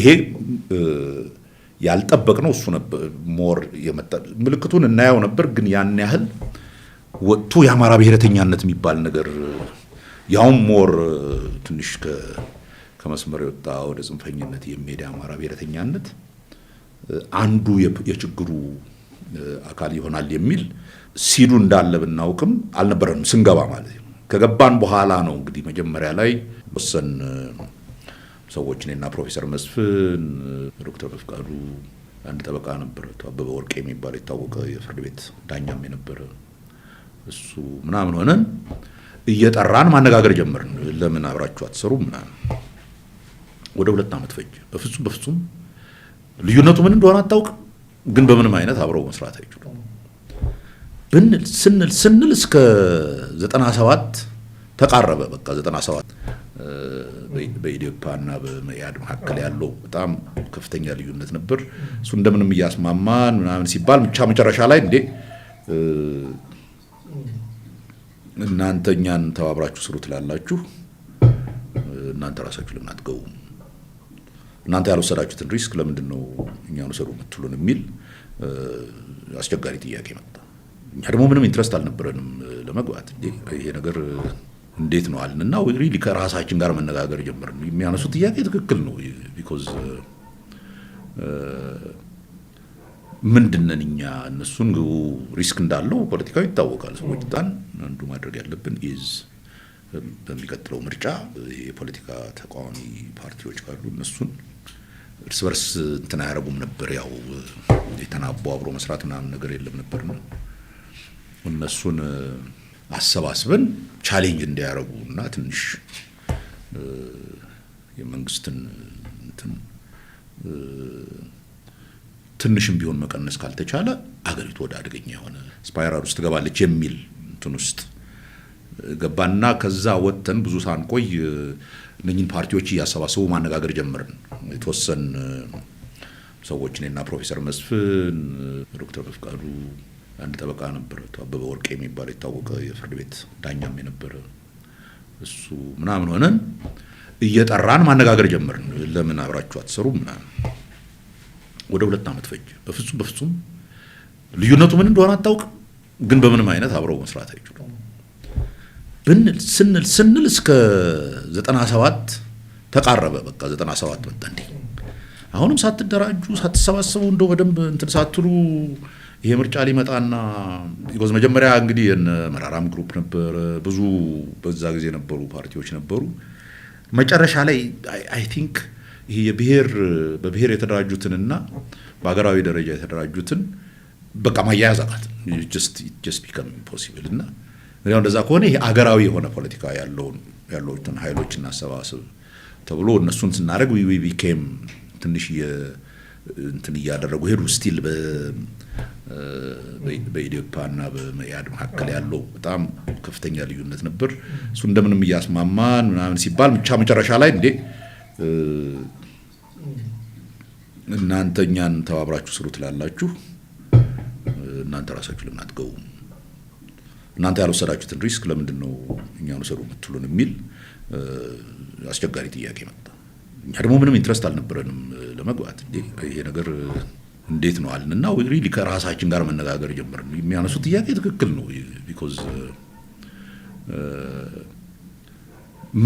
ይሄ ያልጠበቅነው እሱ ነበር። ሞር የመጣ ምልክቱን እናየው ነበር፣ ግን ያን ያህል ወጥቶ የአማራ ብሔረተኛነት የሚባል ነገር ያውም ሞር ትንሽ ከመስመር የወጣ ወደ ጽንፈኝነት የሚሄድ የአማራ ብሔረተኛነት አንዱ የችግሩ አካል ይሆናል የሚል ሲዱ እንዳለ ብናውቅም አልነበረንም ስንገባ ማለት ነው። ከገባን በኋላ ነው እንግዲህ መጀመሪያ ላይ ወሰን ሰዎች እኔና ፕሮፌሰር መስፍን ዶክተር በፍቃዱ አንድ ጠበቃ ነበረ፣ አበበ ወርቅ የሚባል የታወቀ የፍርድ ቤት ዳኛም የነበረ እሱ ምናምን ሆነን እየጠራን ማነጋገር ጀመርን። ለምን አብራችሁ አትሰሩ ምናምን። ወደ ሁለት ዓመት ፈጅ። በፍጹም በፍጹም ልዩነቱ ምን እንደሆነ አታውቅም፣ ግን በምንም አይነት አብረው መስራት አይችሉም ብንል ስንል ስንል እስከ 97 ተቃረበ። በቃ 97 በኢዴፓና በመያድ መካከል ያለው በጣም ከፍተኛ ልዩነት ነበር። እሱ እንደምንም እያስማማን ምናምን ሲባል ብቻ መጨረሻ ላይ እንዴ እናንተ እኛን ተባብራችሁ ስሩ ትላላችሁ፣ እናንተ ራሳችሁ ለምን አትገቡም? እናንተ ያልወሰዳችሁትን ሪስክ ለምንድን ነው እኛን ውሰዱ የምትሉን? የሚል አስቸጋሪ ጥያቄ መጣ። እኛ ደግሞ ምንም ኢንትረስት አልነበረንም ለመግባት ይሄ ነገር እንዴት ነው አለን እና ሪሊ ከራሳችን ጋር መነጋገር ጀመርን። የሚያነሱ ጥያቄ ትክክል ነው። ቢኮዝ uh, ምንድነን እኛ እነሱን ግቡ ሪስክ እንዳለው ፖለቲካዊ ይታወቃል። ሰዎች ጣን አንዱ ማድረግ ያለብን ኢዝ በሚቀጥለው ምርጫ የፖለቲካ ተቃዋሚ ፓርቲዎች ካሉ እነሱን እርስ በርስ እንትን አያረጉም ነበር። ያው የተናቦ አብሮ መስራት ምናምን ነገር የለም ነበር ነው እነሱን አሰባስበን ቻሌንጅ እንዲያደርጉ እና ትንሽ የመንግስትን ትንሽም ቢሆን መቀነስ ካልተቻለ አገሪቱ ወደ አደገኛ የሆነ ስፓይራል ውስጥ ትገባለች የሚል እንትን ውስጥ ገባና ከዛ ወጥተን ብዙ ሳንቆይ እነኝን ፓርቲዎች እያሰባሰቡ ማነጋገር ጀመርን። የተወሰን ሰዎች እኔና ፕሮፌሰር መስፍን ዶክተር ፍቃዱ አንድ ጠበቃ ነበረ አበበ ወርቅ የሚባል የታወቀ የፍርድ ቤት ዳኛም የነበረ እሱ ምናምን ሆነን እየጠራን ማነጋገር ጀመርን። ለምን አብራችሁ አትሰሩ ምናምን። ወደ ሁለት ዓመት ፈጅ። በፍጹም በፍጹም ልዩነቱ ምን እንደሆነ አታውቅም፣ ግን በምንም አይነት አብረው መስራት አይችሉም ብንል ስንል ስንል እስከ ዘጠና ሰባት ተቃረበ። በቃ ዘጠና ሰባት መጣ። እንዴ አሁንም ሳትደራጁ ሳትሰባሰቡ እንደው በደንብ እንትን ሳትሉ ይሄ ምርጫ ሊመጣና ቢኮዝ መጀመሪያ እንግዲህ መራራም ግሩፕ ነበር፣ ብዙ በዛ ጊዜ የነበሩ ፓርቲዎች ነበሩ። መጨረሻ ላይ አይ ቲንክ ይሄ የብሄር በብሄር የተደራጁትንና በሀገራዊ ደረጃ የተደራጁትን በቃ ማያያዝ አቃት ጀስት ቢከም ኢምፖሲብል እና እንግዲህ እንደዛ ከሆነ ይሄ አገራዊ የሆነ ፖለቲካ ያለውን ያለውትን ሀይሎች እናሰባስብ ተብሎ እነሱን ስናደርግ ዊ ቢኬም ትንሽ እንትን እያደረጉ ሄዱ። ስቲል በኢዴፓና በመያድ መካከል ያለው በጣም ከፍተኛ ልዩነት ነበር። እሱ እንደምንም እያስማማን ምናምን ሲባል ብቻ መጨረሻ ላይ እንዴ እናንተ እኛን ተባብራችሁ ስሩ ትላላችሁ፣ እናንተ ራሳችሁ ለምን አትገቡም? እናንተ ያልወሰዳችሁትን ሪስክ ለምንድን ነው እኛን ውሰዱ የምትሉን? የሚል አስቸጋሪ ጥያቄ መጣ። ደግሞ ምንም ኢንትረስት አልነበረንም ለመግባት። ይሄ ነገር እንዴት ነው አልን እና ሪሊ ከራሳችን ጋር መነጋገር ጀምር የሚያነሱ ጥያቄ ትክክል ነው። ቢኮዝ uh,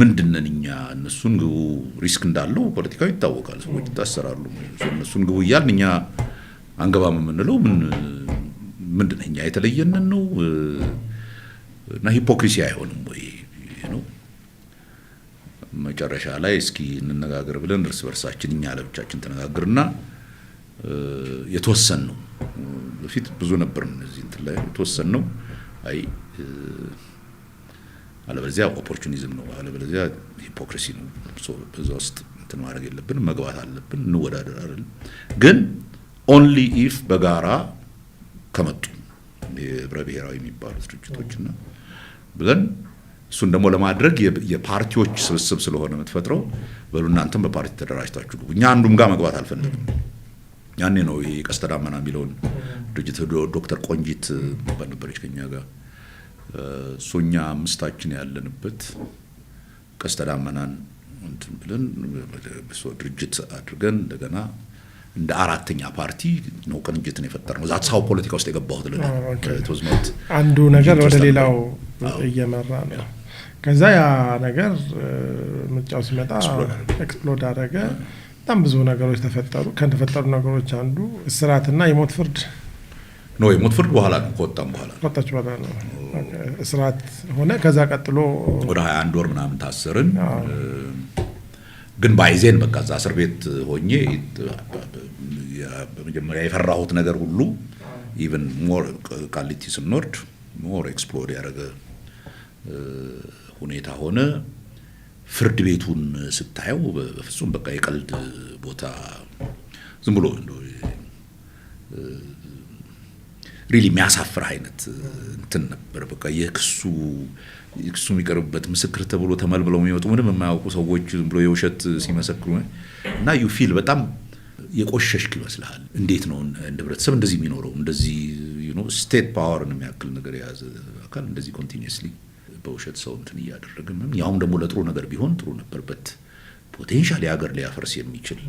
ምንድነን እኛ? እነሱን ግቡ ሪስክ እንዳለው ፖለቲካዊ ይታወቃል። ሰዎች ይታሰራሉ። እነሱን ግቡ እያልን እኛ አንገባም የምንለው ምንድነ እኛ የተለየንን ነው እና ሂፖክሪሲ አይሆንም ወይ መጨረሻ ላይ እስኪ እንነጋገር ብለን እርስ በርሳችን እኛ ለብቻችን ተነጋግርና የተወሰን ነው። በፊት ብዙ ነበር እነዚህ እንትን ላይ የተወሰን ነው። አይ አለበለዚያ ኦፖርቹኒዝም ነው፣ አለበለዚያ ሂፖክሪሲ ነው። በዛ ውስጥ እንትን ማድረግ የለብን መግባት አለብን። እንወዳደር አይደለም ግን ኦንሊ ኢፍ በጋራ ከመጡ የህብረ ብሔራዊ የሚባሉ ድርጅቶችና ብለን እሱን ደግሞ ለማድረግ የፓርቲዎች ስብስብ ስለሆነ የምትፈጥረው በሉ እናንተም በፓርቲ ተደራጅታችሁ ግቡ። እኛ አንዱም ጋር መግባት አልፈለግም። ያኔ ነው ይሄ ቀስተ ዳመና የሚለውን ድርጅት ዶክተር ቆንጂት ባል ነበረች ከኛ ጋር እሱ እኛ አምስታችን ያለንበት ቀስተ ዳመናን እንትን ብለን ድርጅት አድርገን እንደገና እንደ አራተኛ ፓርቲ ነው ቅንጅትን ነው። ዛት ሳው ፖለቲካ ውስጥ የገባሁት አንዱ ነገር ወደ ሌላው እየመራ ነው። ከዛ ያ ነገር ምርጫው ሲመጣ ኤክስፕሎድ አደረገ። በጣም ብዙ ነገሮች ተፈጠሩ። ከተፈጠሩ ነገሮች አንዱ እስራትና የሞት ፍርድ ነው። የሞት ፍርድ በኋላ ነው ከወጣም በኋላ ከወጣች በኋላ ነው እስራት ሆነ። ከዛ ቀጥሎ ወደ 21 ወር ምናምን ታሰርን። ግን ባይዜን በቃ እዛ እስር ቤት ሆኜ በመጀመሪያ የፈራሁት ነገር ሁሉ ኢቨን ሞር ቃሊቲ ስንወርድ ሞር ኤክስፕሎድ ያደረገ ሁኔታ ሆነ። ፍርድ ቤቱን ስታየው በፍጹም በቃ የቀልድ ቦታ ዝም ብሎ ሪሊ የሚያሳፍር አይነት እንትን ነበር። በቃ የክሱ ክሱ የሚቀርብበት ምስክር ተብሎ ተመልምለው የሚመጡ ምንም የማያውቁ ሰዎች ዝም ብሎ የውሸት ሲመሰክሩ እና ዩ ፊል በጣም የቆሸሽክ ይመስልሃል። እንዴት ነው እንደ ህብረተሰብ እንደዚህ የሚኖረው እንደዚህ ስቴት ፓወርን የሚያክል ነገር የያዘ አካል እንደዚህ ኮንቲኒየስሊ በውሸት ሰው እንትን እያደረግም ያሁን ደግሞ ለጥሩ ነገር ቢሆን ጥሩ ነበርበት ፖቴንሻል የሀገር ሊያፈርስ የሚችል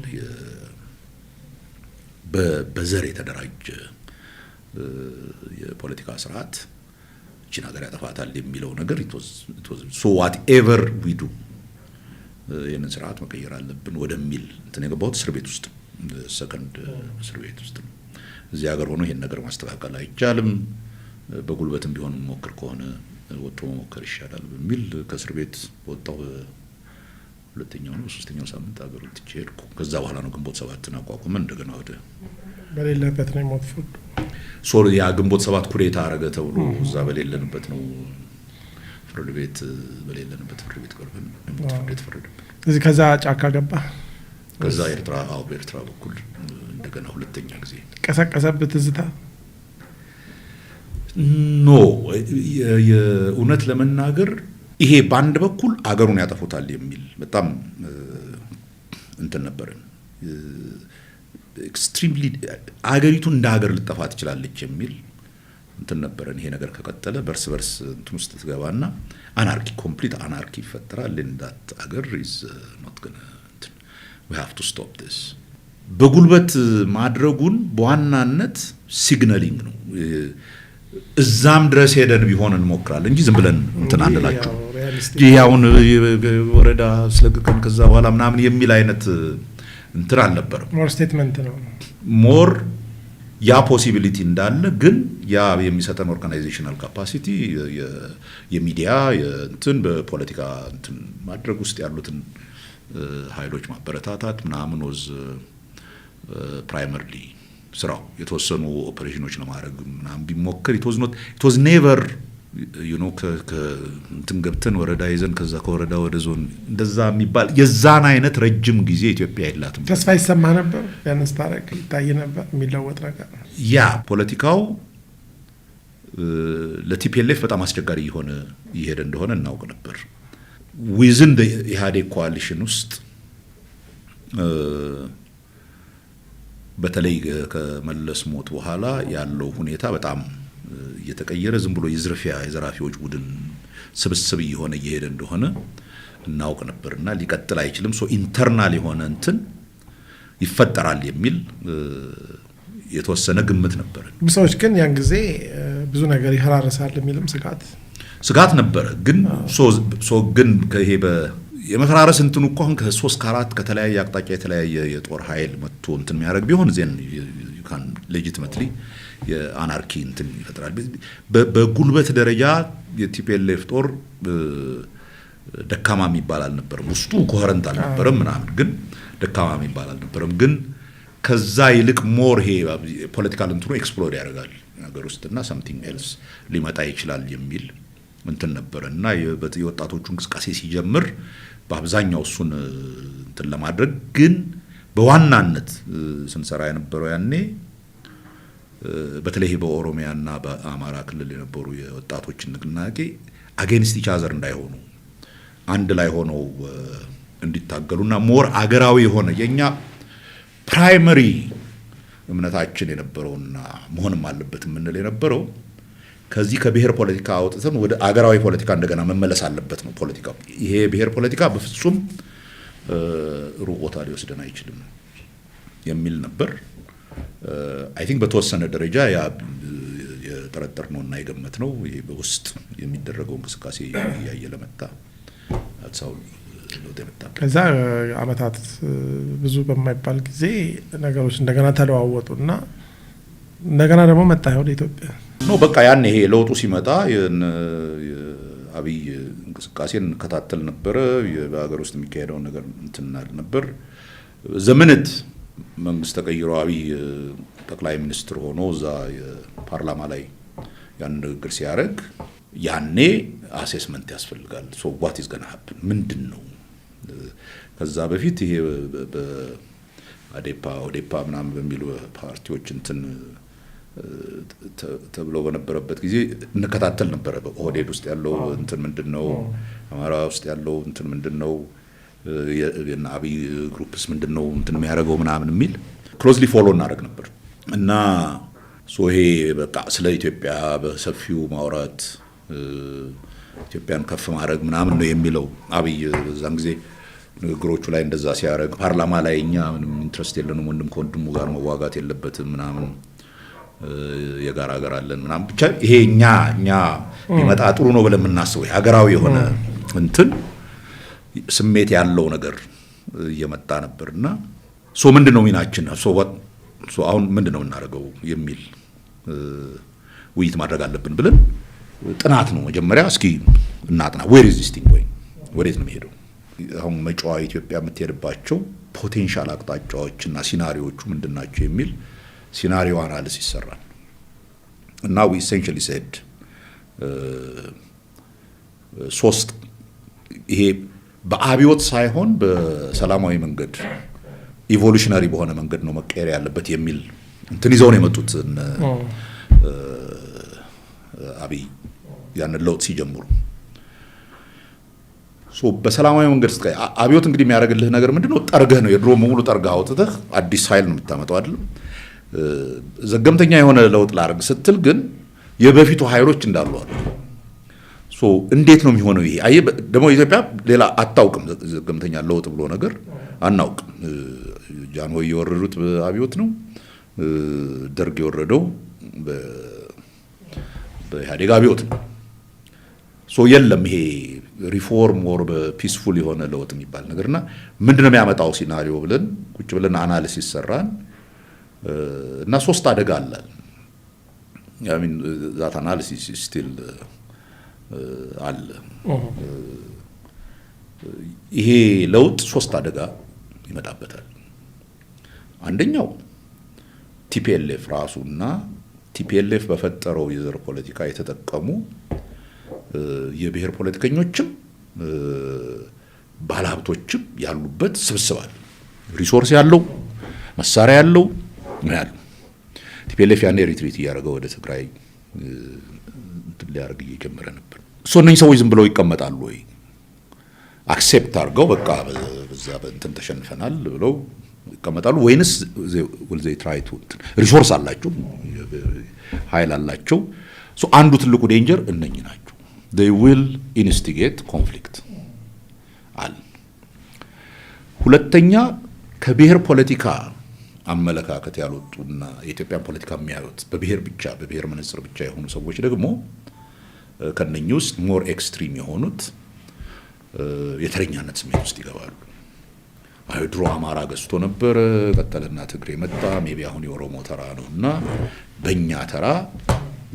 በዘር የተደራጀ የፖለቲካ ስርዓት እችን ሀገር ያጠፋታል የሚለው ነገር ሶ ዋት ኤቨር ዊዱ ይህንን ስርዓት መቀየር አለብን ወደሚል እንትን የገባሁት እስር ቤት ውስጥ ሰከንድ እስር ቤት ውስጥ ነው። እዚህ ሀገር ሆኖ ይህን ነገር ማስተካከል አይቻልም፣ በጉልበትም ቢሆን ሞክር ከሆነ ወጥቶ መሞከር ይሻላል በሚል ከእስር ቤት ወጣው። ሁለተኛው ነው ሶስተኛው ሳምንት ሀገር ወጥቼ ሄድኩ። ከዛ በኋላ ነው ግንቦት ሰባትን አቋቁመን እንደገና ወደ በሌለበት ነው ሞት ፍርዱ ሶል ያ ግንቦት ሰባት ኩዴታ አረገ ተብሎ እዛ በሌለንበት ነው ፍርድ ቤት በሌለንበት ፍርድ ቤት ቀርበን ሞት ፍርድ የተፈረደብን። እዚህ ከዛ ጫካ ገባ። ከዛ ኤርትራ አዎ፣ በኤርትራ በኩል እንደገና ሁለተኛ ጊዜ ቀሰቀሰብህ ትዝታ ኖ እውነት ለመናገር ይሄ በአንድ በኩል አገሩን ያጠፉታል የሚል በጣም እንትን ነበርን። ኤክስትሪምሊ አገሪቱ እንደ ሀገር ልጠፋ ትችላለች የሚል እንትን ነበረን። ይሄ ነገር ከቀጠለ በርስ በርስ እንትን ውስጥ ትገባና አናርኪ ኮምፕሊት አናርኪ ይፈጠራል። ንዳት አገር ኢዝ ኖት ገነ ዊ ሃቭ ቱ ስቶፕ ዲስ። በጉልበት ማድረጉን በዋናነት ሲግናሊንግ ነው እዛም ድረስ ሄደን ቢሆን እንሞክራለን እንጂ ዝም ብለን እንትን አንላችሁ። ይህ አሁን ወረዳ ስለቅቀን ከዛ በኋላ ምናምን የሚል አይነት እንትን አልነበርም። ሞር ስቴትመንት ነው ሞር ያ ፖሲቢሊቲ እንዳለ ግን ያ የሚሰጠን ኦርጋናይዜሽናል ካፓሲቲ የሚዲያ እንትን በፖለቲካ እንትን ማድረግ ውስጥ ያሉትን ኃይሎች ማበረታታት ምናምን ወዝ ፕራይመሪሊ ስራው የተወሰኑ ኦፐሬሽኖች ለማድረግ ምናምን ቢሞክር ኢት ዋዝ ኔቨር ዩኖ እንትን ገብተን ወረዳ ይዘን ከዛ ከወረዳ ወደ ዞን እንደዛ የሚባል የዛን አይነት ረጅም ጊዜ ኢትዮጵያ የላትም። ተስፋ ይሰማ ነበር፣ ያነስታረቅ ይታይ ነበር የሚለወጥ ነገር። ያ ፖለቲካው ለቲፒኤልኤፍ በጣም አስቸጋሪ እየሆነ እየሄደ እንደሆነ እናውቅ ነበር። ዊዝን ኢህአዴግ ኮዋሊሽን ውስጥ በተለይ ከመለስ ሞት በኋላ ያለው ሁኔታ በጣም እየተቀየረ ዝም ብሎ የዝርፊያ የዘራፊዎች ቡድን ስብስብ እየሆነ እየሄደ እንደሆነ እናውቅ ነበርና ሊቀጥል አይችልም። ሶ ኢንተርናል የሆነ እንትን ይፈጠራል የሚል የተወሰነ ግምት ነበር። ሰዎች ግን ያን ጊዜ ብዙ ነገር ይፈራረሳል የሚልም ስጋት ስጋት ነበረ ግን ሶ ግን ይሄ የመፈራረስ እንትኑ እኮ አሁን ከሶስት ከአራት ከተለያየ አቅጣጫ የተለያየ የጦር ኃይል መጥቶ እንትን የሚያደርግ ቢሆን ዜን ዩካን ሌጂትመትሊ የአናርኪ እንትን ይፈጥራል። በጉልበት ደረጃ የቲፒኤልኤፍ ጦር ደካማ የሚባል አልነበረም። ውስጡ ኮሄረንት አልነበረም ምናምን፣ ግን ደካማ የሚባል አልነበረም። ግን ከዛ ይልቅ ሞር ይሄ ፖለቲካል እንትኑ ኤክስፕሎድ ያደርጋል ሀገር ውስጥ ሰምቲንግ ኤልስ ሊመጣ ይችላል የሚል እንትን ነበረ እና የወጣቶቹ እንቅስቃሴ ሲጀምር በአብዛኛው እሱን እንትን ለማድረግ ግን በዋናነት ስንሰራ የነበረው ያኔ በተለይ በኦሮሚያና በአማራ ክልል የነበሩ የወጣቶችን ንቅናቄ አጌንስት ኢቻዘር እንዳይሆኑ አንድ ላይ ሆነው እንዲታገሉና ሞር አገራዊ የሆነ የእኛ ፕራይመሪ እምነታችን የነበረውና መሆንም አለበት የምንል የነበረው ከዚህ ከብሔር ፖለቲካ አውጥተን ወደ አገራዊ ፖለቲካ እንደገና መመለስ አለበት ነው ፖለቲካው። ይሄ የብሔር ፖለቲካ በፍጹም ሩቅ ቦታ ሊወስደን አይችልም የሚል ነበር። አይ ቲንክ በተወሰነ ደረጃ ያ የጠረጠር ነው እና የገመት ነው። ይሄ በውስጥ የሚደረገው እንቅስቃሴ እያየ ለመጣ አዲሳው ከዛ አመታት ብዙ በማይባል ጊዜ ነገሮች እንደገና ተለዋወጡ እና እንደገና ደግሞ መጣ ወደ ኢትዮጵያ ነው። በቃ ያን ይሄ ለውጡ ሲመጣ አብይ እንቅስቃሴን እንከታተል ነበረ። በሀገር ውስጥ የሚካሄደውን ነገር እንትን ነበር። ዘመነት መንግስት ተቀይሮ አብይ ጠቅላይ ሚኒስትር ሆኖ እዛ ፓርላማ ላይ ያን ንግግር ሲያደርግ ያኔ አሴስመንት ያስፈልጋል። ሶ ዋት ኢዝ ገና ሀፕን ምንድን ነው? ከዛ በፊት ይሄ በአዴፓ ኦዴፓ ምናምን በሚሉ ፓርቲዎች እንትን ተብሎ በነበረበት ጊዜ እንከታተል ነበረ። ኦህዴድ ውስጥ ያለው እንትን ምንድን ነው? አማራ ውስጥ ያለው እንትን ምንድን ነው? አብይ ግሩፕስ ምንድን ነው እንትን የሚያደርገው ምናምን የሚል ክሎዝሊ ፎሎ እናደርግ ነበር እና ይሄ በቃ ስለ ኢትዮጵያ በሰፊው ማውራት ኢትዮጵያን ከፍ ማድረግ ምናምን ነው የሚለው አብይ በዛን ጊዜ ንግግሮቹ ላይ እንደዛ ሲያደርግ ፓርላማ ላይ እኛ ምንም ኢንትረስት የለንም፣ ወንድም ከወንድሙ ጋር መዋጋት የለበትም ምናምን የጋራ ሀገር አለን ምናምን ብቻ ይሄ እኛ እኛ ቢመጣ ጥሩ ነው ብለን የምናስበው ሀገራዊ የሆነ እንትን ስሜት ያለው ነገር እየመጣ ነበር እና ሶ ምንድን ነው ሚናችን አሁን ምንድን ነው የምናደርገው የሚል ውይይት ማድረግ አለብን ብለን ጥናት ነው መጀመሪያ። እስኪ እናጥና ዌር ኢዝ ዚስ ቲንግ ወይ ወዴት ነው የሚሄደው? አሁን መጫዋ ኢትዮጵያ የምትሄድባቸው ፖቴንሻል አቅጣጫዎችና ሲናሪዎቹ ምንድን ናቸው የሚል ሲናሪዮ አናልስ ይሰራል እና ዊ ኢሴንሽሊ ሴድ ሶስት ይሄ በአብዮት ሳይሆን በሰላማዊ መንገድ ኢቮሉሽነሪ በሆነ መንገድ ነው መቀየር ያለበት የሚል እንትን ይዘው ነው የመጡት uh, አብይ ያንን ለውጥ ሲጀምሩ በሰላማዊ መንገድ ስ አብዮት እንግዲህ የሚያደርግልህ ነገር ምንድን ጠርገህ ነው የድሮ በሙሉ ጠርገህ አውጥተህ አዲስ ኃይል ነው የምታመጣው አይደለም። ዘገምተኛ የሆነ ለውጥ ላርግ ስትል ግን የበፊቱ ኃይሎች እንዳሉ አሉ። እንዴት ነው የሚሆነው? ይሄ አየህ፣ ደግሞ ኢትዮጵያ ሌላ አታውቅም። ዘገምተኛ ለውጥ ብሎ ነገር አናውቅም። ጃንሆይ የወረዱት በአብዮት ነው። ደርግ የወረደው በኢህአዴግ አብዮት ነው። ሶ የለም ይሄ ሪፎርም ወር በፒስፉል የሆነ ለውጥ የሚባል ነገርና ምንድነው የሚያመጣው ሲናሪዮ ብለን ቁጭ ብለን አናሊሲስ ሰራን። እና ሶስት አደጋ አለ ዛት አናሊሲስ ስቲል አለ። ይሄ ለውጥ ሶስት አደጋ ይመጣበታል። አንደኛው ቲፒኤልኤፍ ራሱ እና ቲፒኤልኤፍ በፈጠረው የዘር ፖለቲካ የተጠቀሙ የብሔር ፖለቲከኞችም ባለሀብቶችም ያሉበት ስብስባል ሪሶርስ ያለው መሳሪያ ያለው ነው ያሉ። ቲፒኤልኤፍ ያኔ ሪትሪት እያደረገ ወደ ትግራይ ሊያደርግ እየጀመረ ነበር። ሶ እነኝህ ሰዎች ዝም ብለው ይቀመጣሉ ወይ? አክሴፕት አድርገው በቃ በዛ በእንትን ተሸንፈናል ብለው ይቀመጣሉ ወይንስ ወልዘይ ቱ ሪሶርስ አላቸው ኃይል አላቸው። አንዱ ትልቁ ዴንጀር እነኝህ ናቸው። ዴይ ዊል ኢንስቲጌት ኮንፍሊክት አለ። ሁለተኛ ከብሔር ፖለቲካ አመለካከት ያልወጡና የኢትዮጵያን ፖለቲካ የሚያዩት በብሔር ብቻ በብሔር መነጽር ብቻ የሆኑ ሰዎች ደግሞ ከነኚህ ውስጥ ሞር ኤክስትሪም የሆኑት የተረኛነት ስሜት ውስጥ ይገባሉ። አይ ድሮ አማራ ገዝቶ ነበረ፣ ቀጠልና ትግሬ መጣ፣ ሜቢ አሁን የኦሮሞ ተራ ነው እና በእኛ ተራ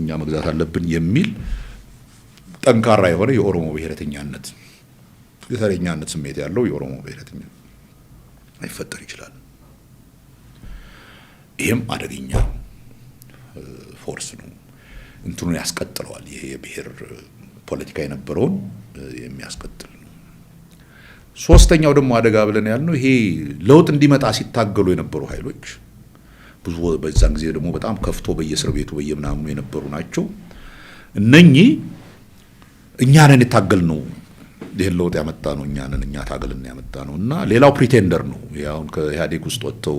እኛ መግዛት አለብን የሚል ጠንካራ የሆነ የኦሮሞ ብሔረተኛነት የተረኛነት ስሜት ያለው የኦሮሞ ብሔረተኛ ሊፈጠር ይችላል። ይህም አደገኛ ፎርስ ነው። እንትኑን ያስቀጥለዋል። ይሄ የብሔር ፖለቲካ የነበረውን የሚያስቀጥል ነው። ሶስተኛው ደግሞ አደጋ ብለን ያልነው ይሄ ለውጥ እንዲመጣ ሲታገሉ የነበሩ ኃይሎች ብዙ በዛን ጊዜ ደግሞ በጣም ከፍቶ በየእስር ቤቱ በየምናምኑ የነበሩ ናቸው። እነኚህ እኛንን የታገል ነው ይህን ለውጥ ያመጣ ነው እኛንን እኛ ታገልን ያመጣ ነው እና ሌላው ፕሪቴንደር ነው። አሁን ከኢህአዴግ ውስጥ ወጥተው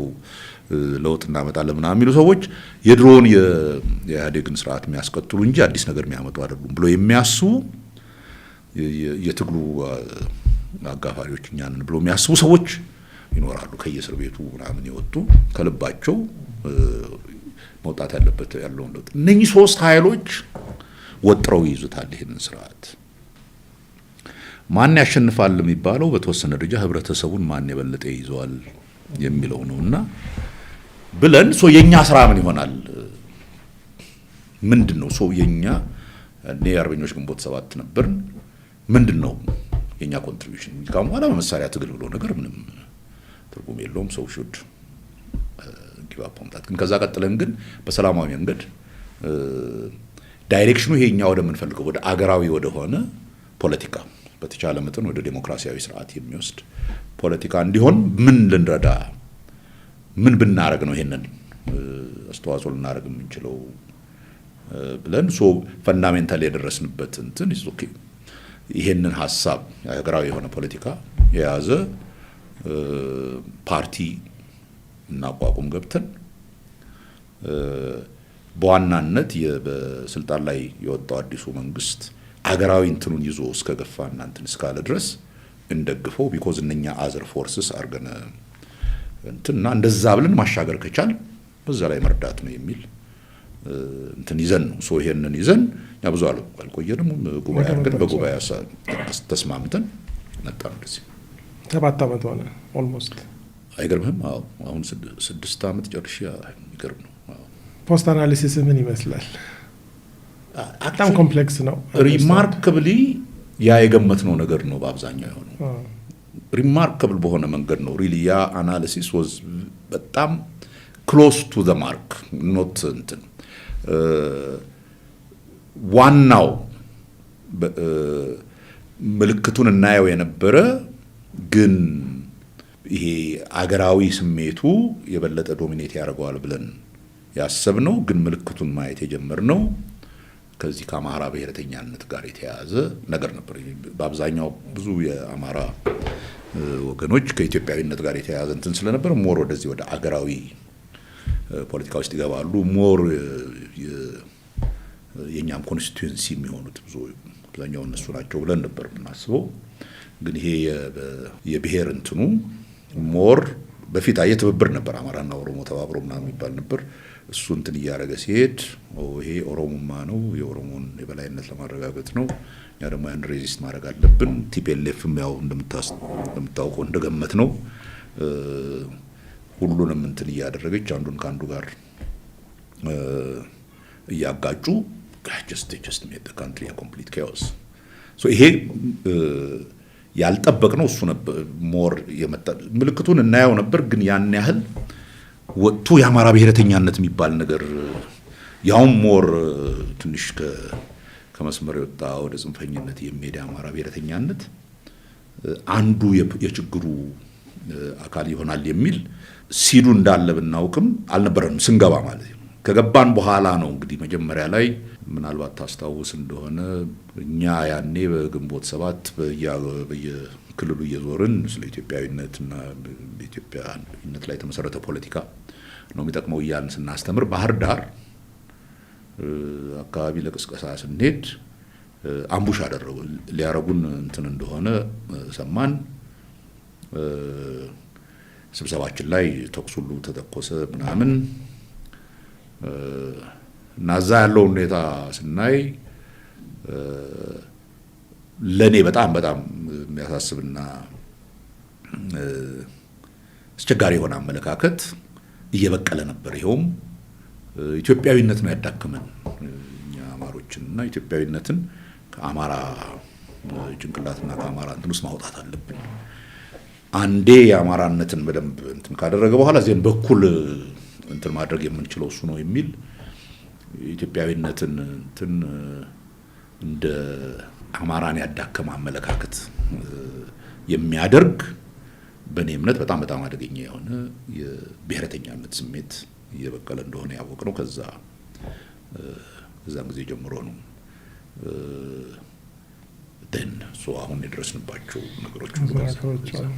ለውጥ እናመጣለን ምናምን የሚሉ ሰዎች የድሮውን የኢህአዴግን ስርዓት የሚያስቀጥሉ እንጂ አዲስ ነገር የሚያመጡ አይደሉም ብሎ የሚያስቡ የትግሉ አጋፋሪዎች እኛ ብሎ የሚያስቡ ሰዎች ይኖራሉ። ከየእስር ቤቱ ምናምን የወጡ ከልባቸው መውጣት ያለበት ያለውን ለውጥ እነኚህ ሶስት ኃይሎች ወጥረው ይይዙታል ይህንን ስርዓት። ማን ያሸንፋል የሚባለው በተወሰነ ደረጃ ህብረተሰቡን ማን የበለጠ ይይዘዋል የሚለው ነው እና ብለን ሶ የእኛ ስራ ምን ይሆናል? ምንድን ነው ሰው የእኛ እኔ የአርበኞች ግንቦት ሰባት ነበርን። ምንድን ነው የእኛ ኮንትሪቢሽን? ካሁን በኋላ በመሳሪያ ትግል ብሎ ነገር ምንም ትርጉም የለውም። ሰው ሹድ ጊባ ፓምታት ግን ከዛ ቀጥለን ግን በሰላማዊ መንገድ ዳይሬክሽኑ uh, ይሄ እኛ ወደምንፈልገው ወደ አገራዊ ወደሆነ ፖለቲካ በተቻለ መጠን ወደ ዴሞክራሲያዊ ስርዓት የሚወስድ ፖለቲካ እንዲሆን ምን ልንረዳ ምን ብናረግ ነው ይሄንን አስተዋጽኦ ልናደርግ የምንችለው ብለን ሶ ፈንዳሜንታል የደረስንበት እንትን ኦኬ ይሄንን ሀሳብ ሀገራዊ የሆነ ፖለቲካ የያዘ ፓርቲ እናቋቁም ገብተን በዋናነት በስልጣን ላይ የወጣው አዲሱ መንግስት አገራዊ እንትኑን ይዞ እስከገፋ እናንትን እስካለ ድረስ እንደግፈው ቢኮዝ እነኛ አዘር ፎርስስ አርገነ እንትና እንደዛ ብለን ማሻገር ከቻል በዛ ላይ መርዳት ነው የሚል እንትን ይዘን ነው ሶ ይሄንን ይዘን እኛ ብዙ አለ አልቆየንም። ጉባኤ ግን በጉባኤ ተስማምተን መጣ ነው። ደስ ሰባት ዓመት ሆነ ኦልሞስት። አይገርምህም? አዎ አሁን ስድስት ዓመት ጨርሼ የሚገርም ነው። ፖስት አናሊሲስ ምን ይመስላል? በጣም ኮምፕሌክስ ነው። ሪማርክብሊ ያ የገመትነው ነገር ነው በአብዛኛው የሆነው ሪማርከብል በሆነ መንገድ ነው ሪሊ ያ አናሊሲስ ወዝ በጣም ክሎስ ቱ ዘ ማርክ ኖት እንትን uh, ዋናው uh, ምልክቱን እናየው የነበረ ግን ይሄ አገራዊ ስሜቱ የበለጠ ዶሚኔት ያደርገዋል ብለን ያሰብነው ግን ምልክቱን ማየት የጀመርነው ከዚህ ከአማራ ብሔረተኛነት ጋር የተያያዘ ነገር ነበር። በአብዛኛው ብዙ የአማራ ወገኖች ከኢትዮጵያዊነት ጋር የተያያዘ እንትን ስለነበር ሞር ወደዚህ ወደ አገራዊ ፖለቲካ ውስጥ ይገባሉ። ሞር የእኛም ኮንስቲቱንሲ የሚሆኑት ብዙ አብዛኛው እነሱ ናቸው ብለን ነበር የምናስበው። ግን ይሄ የብሔር እንትኑ ሞር በፊት አየ ትብብር ነበር፣ አማራና ኦሮሞ ተባብሮ ምናምን የሚባል ነበር። እሱ እንትን እያደረገ ሲሄድ ይሄ ኦሮሞማ ነው፣ የኦሮሞን የበላይነት ለማረጋገጥ ነው። እኛ ደግሞ ያን ሬዚስት ማድረግ አለብን። ቲፒኤልኤፍም ያው እንደምታውቀው እንደገመት ነው ሁሉንም እንትን እያደረገች አንዱን ከአንዱ ጋር እያጋጩ ጀስት ሜድ ካንትሪ ኮምፕሊት ኬዎስ። ይሄ ያልጠበቅ ነው። እሱ ነበር ሞር ምልክቱን እናየው ነበር፣ ግን ያን ያህል ወጥቶ የአማራ ብሔረተኛነት የሚባል ነገር ያውም ሞር ትንሽ ከመስመር የወጣ ወደ ጽንፈኝነት የሚሄድ የአማራ ብሔረተኛነት አንዱ የችግሩ አካል ይሆናል የሚል ሲዱ እንዳለ ብናውቅም አልነበረንም ስንገባ ማለት ነው። ከገባን በኋላ ነው እንግዲህ መጀመሪያ ላይ ምናልባት ታስታውስ እንደሆነ እኛ ያኔ በግንቦት ሰባት ክልሉ እየዞርን ስለ ኢትዮጵያዊነትና በኢትዮጵያዊነት ላይ የተመሰረተ ፖለቲካ ነው የሚጠቅመው እያልን ስናስተምር ባህር ዳር አካባቢ ለቅስቀሳ ስንሄድ አምቡሽ አደረጉ። ሊያረጉን እንትን እንደሆነ ሰማን። ስብሰባችን ላይ ተኩስ ሁሉ ተተኮሰ ምናምን እና እዛ ያለው ሁኔታ ስናይ ለእኔ በጣም በጣም የሚያሳስብና አስቸጋሪ የሆነ አመለካከት እየበቀለ ነበር። ይኸውም ኢትዮጵያዊነትን ነው እኛ አማሮችን እና ኢትዮጵያዊነትን ከአማራ ጭንቅላትና ከአማራ እንትን ውስጥ ማውጣት አለብን። አንዴ የአማራነትን በደንብ እንትን ካደረገ በኋላ እዚህን በኩል እንትን ማድረግ የምንችለው እሱ ነው የሚል ኢትዮጵያዊነትን እንትን እንደ አማራን ያዳከመ አመለካከት የሚያደርግ በእኔ እምነት በጣም በጣም አደገኛ የሆነ የብሔረተኛነት ስሜት እየበቀለ እንደሆነ ያወቅ ነው። ከዛ እዛን ጊዜ ጀምሮ ነው ደን ን አሁን የደረስንባቸው ነገሮች አሉ።